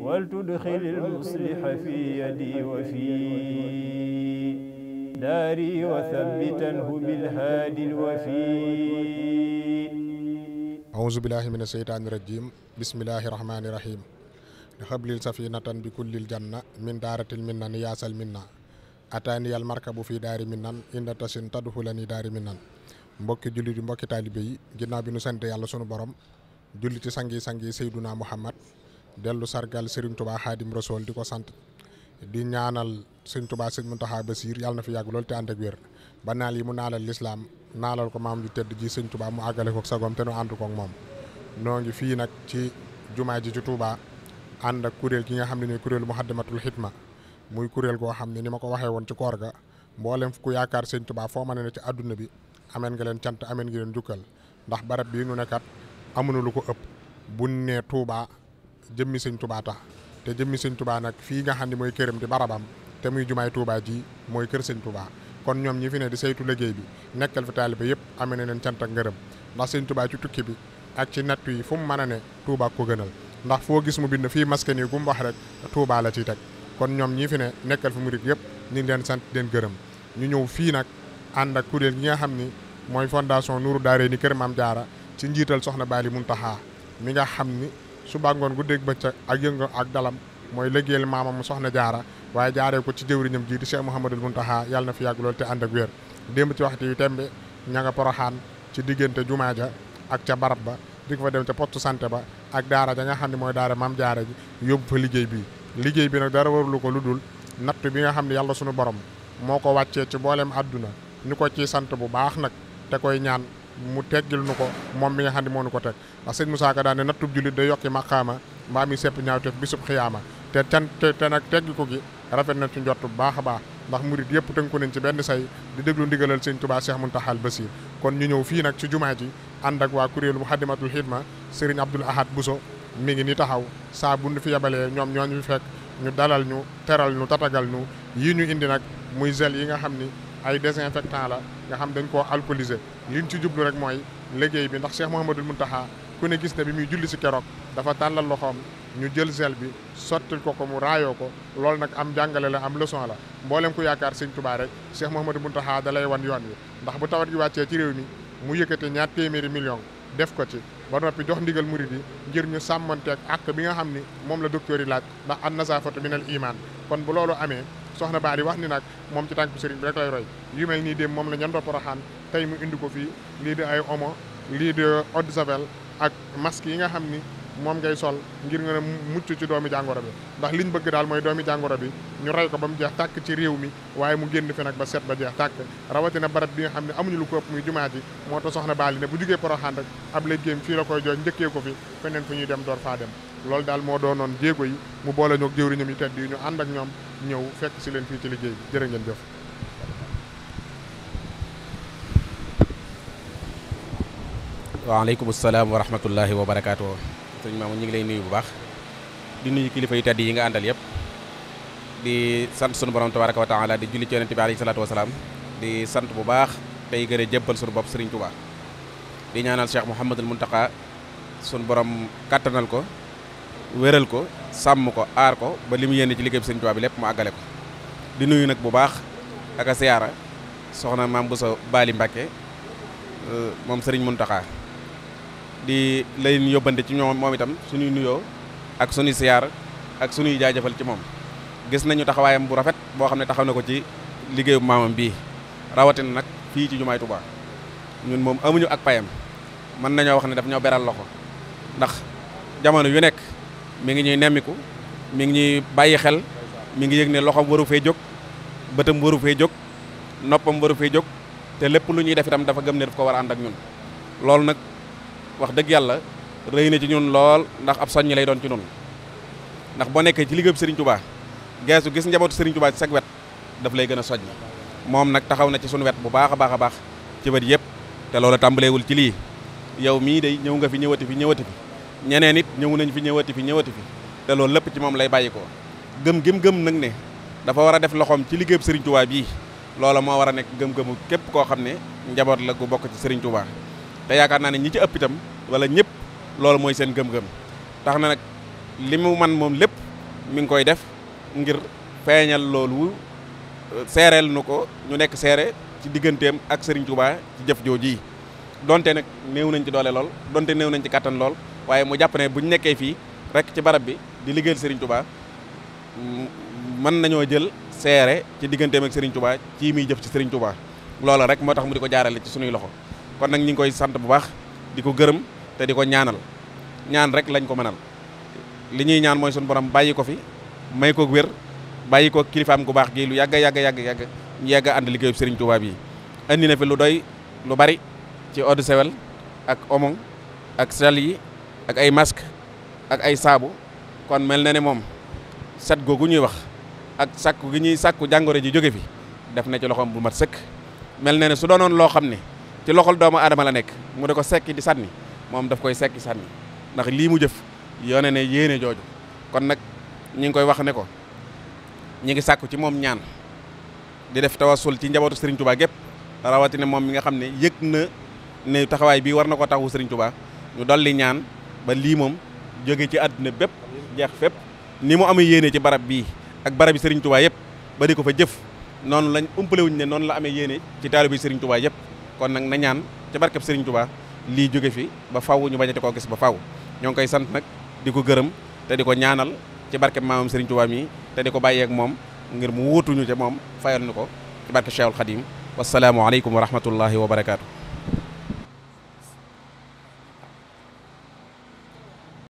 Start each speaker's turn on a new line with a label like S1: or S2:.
S1: ولتدخل المصلح في يدي وفي داري وثبتنه بالهادي الوفي
S2: أعوذ بالله من الشيطان الرجيم بسم الله الرحمن الرحيم لحبل سفينة بكل الجنة من دارة المنن ياس المنة أتاني المركب في دار منن إن تسن تدخلني دار منن mbokki jullit yi mbokki taalibe yi ginnaaw bi nu sant yàlla sunu borom julli ci sangi sangi Seyduna Muhammad dellu sargal Serigne Touba Xaadim Rasool di ko sant di ñaanal Serigne Touba Serigne Mountakha Bassir yàlla na fi yàgg loolu te ànd ak wér ba naal yi mu naalal lislaam naalal ko maam ju tedd ji sëñ tubaa mu àggale ko sagoom te nu ànd koog moom. noo ngi fii nag ci jumaa ji ci Touba ànd ak kuréel gi nga xam ne kuréelu nii kuréel Muxaddamatul Xidma muy kuréel goo xam ne ni ma ko waxee woon ci koor ga mboolem ku yaakaar Serigne tubaa foo ma a ne ci àdduna bi ameen nga leen cant ameen nga leen jukkal ndax barab bii nu ne kat amuñu lu ko ëpp buñ nee Touba. jëmmi sëñ tubaa tax te jëmmi sëñ tubaa nag fii nga xam ne mooy këram di barabam te muy jumaay tuubaa ji mooy kër sëñ tubaa kon ñoom ñi fi ne di saytu liggéey bi nekkal fi taalibe yëpp amee na leen sant ak ngërëm ndax sëñ tubaa ci tukki bi ak ci nattu yi fu mu mën a ne tuubaa ko gënal ndax foo gis mu bind fii maske nii gum wax rek tuubaa la ciy teg kon ñoom ñii fi ne nekkal fi murit yëpp ñu ngi leen sant leen gërëm ñu ñëw fii nag ànd ak kuréel gi nga xam ni mooy fondation Nourou Daarayni Kër Maam Jaara ci njiital soxna Bali Muntaxa mi nga xam ni suba ngoon guddeeg bëccëg ak yëngu ak dalam mooy liggéeyal maamam mu soxna jaara waaye jaaree ko ci jëwriñam ji di Cheikh Mouhamadul Mountakha yàlla na fi yàgg lool te ànd ak wér démb ci waxtu yi tembe ña nga poroxaan ci diggante jumaa ja ak ca barab ba di ko fa dem ca pott sante ba ak daara ja nga xam ne mooy daara maam jaara ji yóbbu fa liggéey bi liggéey bi nag dara warulu ko lu dul nattu bi nga xam ne yàlla sunu borom moo ko wàccee ci booleem àdduna ñu ko ciy sant bu baax nag te koy ñaan mu teggil nu ko moom mi nga xam ne moo nu ko teg ndax sëñ Moussa Ka daan ne nattub jullit day yokki maqaama mbaa mi sepp ñaawteef bisub xiyaama te can te ko ki rafet na ci njott bu baax a baax ndax murit yëpp tënku nañ ci benn say di déglu ndigalal sëñ Tuubaa Cheikh Mountakha Bassir kon ñu ñëw fii nag ci jumaa ji ànd ak waa kuréelu Muxaddamatul Xidma Serigne Abdoul Ahad Bousso mi ngi ni taxaw saa bu fi yebalee ñoom ñoo ñu fi fekk ñu dalal ñu teral ñu tatagal ñu yii ñu indi nag muy zel yi nga xam ni ay désinfectant la nga xam dañ koo alcoolisé liñ ci jublu rek mooy liggéey bi ndax Cheikh Mouhamadul Mountakha ku ne gis ne bi muy julli si keroog dafa tàllal loxoom ñu jël gel bi sottil ko ko mu raayoo ko loolu nag am jàngale la am leçon la mboolem ku yaakaar sëñ Tuubaa rek Cheikh Mouhamadul Mountakha da lay wan yoon wi ndax bu tawat gi wàccee ci réew mi mu yëkkate ñaar téeméeri million def ko ci ba noppi jox ndigal muri yi ngir ñu sàmmanteeg ak bi nga xam ni moom la docteur yi laaj ndax an nasaafatu minal iman kon bu loolu amee soxna Baali wax ni nag moom ci tànk sëriñ bi rek lay roy yu nii démb moom la ñandoo Poroxaan tey mu indi ko fii lii di ay omo lii di eau de ak masque yi nga xam ni moom ngay sol ngir nga ne mucc ci doomi jàngoro bi ndax liñ bëgg daal mooy doomi jàngoro bi ñu rey ko ba mu jeex tàkk ci réew mi waaye mu génn fi nag ba set ba jeex tàkk rawatina barab bi nga xam ne amuñu lu ko ëpp muy jumaa ji moo tax soxna Baali ne bu jugee Poroxaan rek ab liggéeyam fii la koy jooj njëkkee ko fi feneen fu ñuy dem door faa dem loolu daal moo doonoon jéego yi mu boole ñoog jëwriñam yu tedd yi ñu ànd ak ñoom ñëw fekk si leen fii ci liggéey bi jërë ngeen jëf
S1: waaleykum salaam wa rahmatullahi wa barakaatu sëñ maamu ñu ngi lay nuyu bu baax di nuyu kilifa yu tedd yi nga àndal yëpp di sant sunu borom tabaraka wa taala di julli ci yonente bi alayhi salaatu wasalaam sant bu baax tey gën a jébbal sunu bopp Serigne Touba di ñaanal Cheikh Mouhamadul Mountakha sunu borom kattanal ko wéral ko sàmm ko aar ko ba li mu yéene ci liggéey bi sëñ Tuubaa bi lépp mu àggale ko di nuyu nag bu baax ak a siyaara soxna maam Bousso Bali Mbacke euh, moom sëriñ Muntaxa di leen yóbbante ci ñoom moom itam suñuy nuyoo ak suñuy siyaar ak suñuy jaajëfal ci moom gis nañu taxawaayam bu rafet boo xam ne taxaw na ko ci liggéeyu maamam bii rawatina nag fii ci jumaay Tuubaa ñun moom amuñu ak payam mën nañoo wax ne daf ñoo beral loxo ndax jamono yu nekk mi ngi ñuy nemmiku mi ngi ñuy bàyyi xel mi ngi yëg ne loxoom waru fee jóg bëtam waru fee jóg noppam waru fee jóg te lépp lu ñuy def itam dafa gëm ne daf ko war a ànd ak ñun loolu nag wax dëgg yàlla rëy na ci ñun lool ndax ab soññi lay doon ci ñun ndax boo nekkee ci liggéeyub Serigne Touba geesu gis njabootu Serigne Touba ci sag wet daf lay gën a soññ moom nag taxaw na ci suñu wet bu baax a baax a baax ci wet yëpp te loolu tàmbalewul ci lii yow mii day ñëw nga fi ñëwati fi ñëwati fi ñeneen it ñëw nañ fi ñëwati fi ñëwati fi te loolu lépp ci moom lay bàyyi ko gëm gëm gëm nag ne dafa war a def loxoom ci liggéeyub Serigne Touba bii loola moo war a nekk gëm-gëmu képp koo xam ne njaboot la gu bokk ci Serigne Touba te yaakaar naa ne ñii ci ëpp itam wala ñëpp loolu mooy seen gëm-gëm tax na nag li mu man moom lépp mi ngi koy def ngir feeñal loolu seereel nu ko ñu nekk seere ci digganteem ak Serigne Touba ci jëf jooju yi donte nag néew nañ ci doole lool donte néew nañ ci kàttan lool waaye mu jàpp ne bu ñu nekkee fii rek ci barab bi di liggéeyal Serigne Touba mën nañoo jël seere ci digganteem ak sëriñ Touba ci muy jëf ci Serigne Touba loola rek moo tax mu di ko jaarale ci sunuy loxo kon nag ñu ngi koy sant bu baax di ko gërëm te di ko ñaanal ñaan rek lañ ko mënal li ñuy ñaan mooy sunu borom bàyyi ko fi may ko wér bàyyi ko kilifaam gu baax gi lu yàgg yàgg yàgg yàgg ñu yàgg ànd liggéeyub Serigne Touba bi indi na fi lu doy lu bari ci eau ak omon ak sel ak ay masque ak ay saabu kon mel na ne moom set googu ñuy wax ak sàkku gi ñuy sàkku jàngoro ji jóge fi def na ci loxoom bu mat sëkk mel na ne su doonoon loo xam ne ci loxol doomu aadama la nekk mu de ko sekki di sànni moom daf koy sekki sànni ndax lii mu jëf yoone ne yéene jooju kon nag ñi ngi koy wax ne ko ñi ngi sàkku ci moom ñaan di def tawasul ci njabootu Serigne tubaa gépp rawatina moom mi nga xam ne yëg na ne taxawaay bii war na ko taxawu Serigne Touba ñu ñaan ba lii moom jóge ci àdduna bépp jeex fépp ni mu amee yéene ci barab bii ak barab yi Serigne Touba yëpp ba di ko fa jëf noonu lañ umpale wuñ ne noonu la amee yéene ci taalibe yi Serigne Touba yëpp kon nag na ñaan ci barkeb Serigne Touba lii jóge fi ba faw ñu bañati koo gis ba faw ñoo ngi koy sant nag di ko gërëm te di ko ñaanal ci barkeb maamam Serigne Touba mii te di ko bàyyeek moom ngir mu wuutuñu ca moom fayal ñu ko ci barke Cheikhul Khadim wasalaamualeykum wa rahmatullahi wa barakaatu.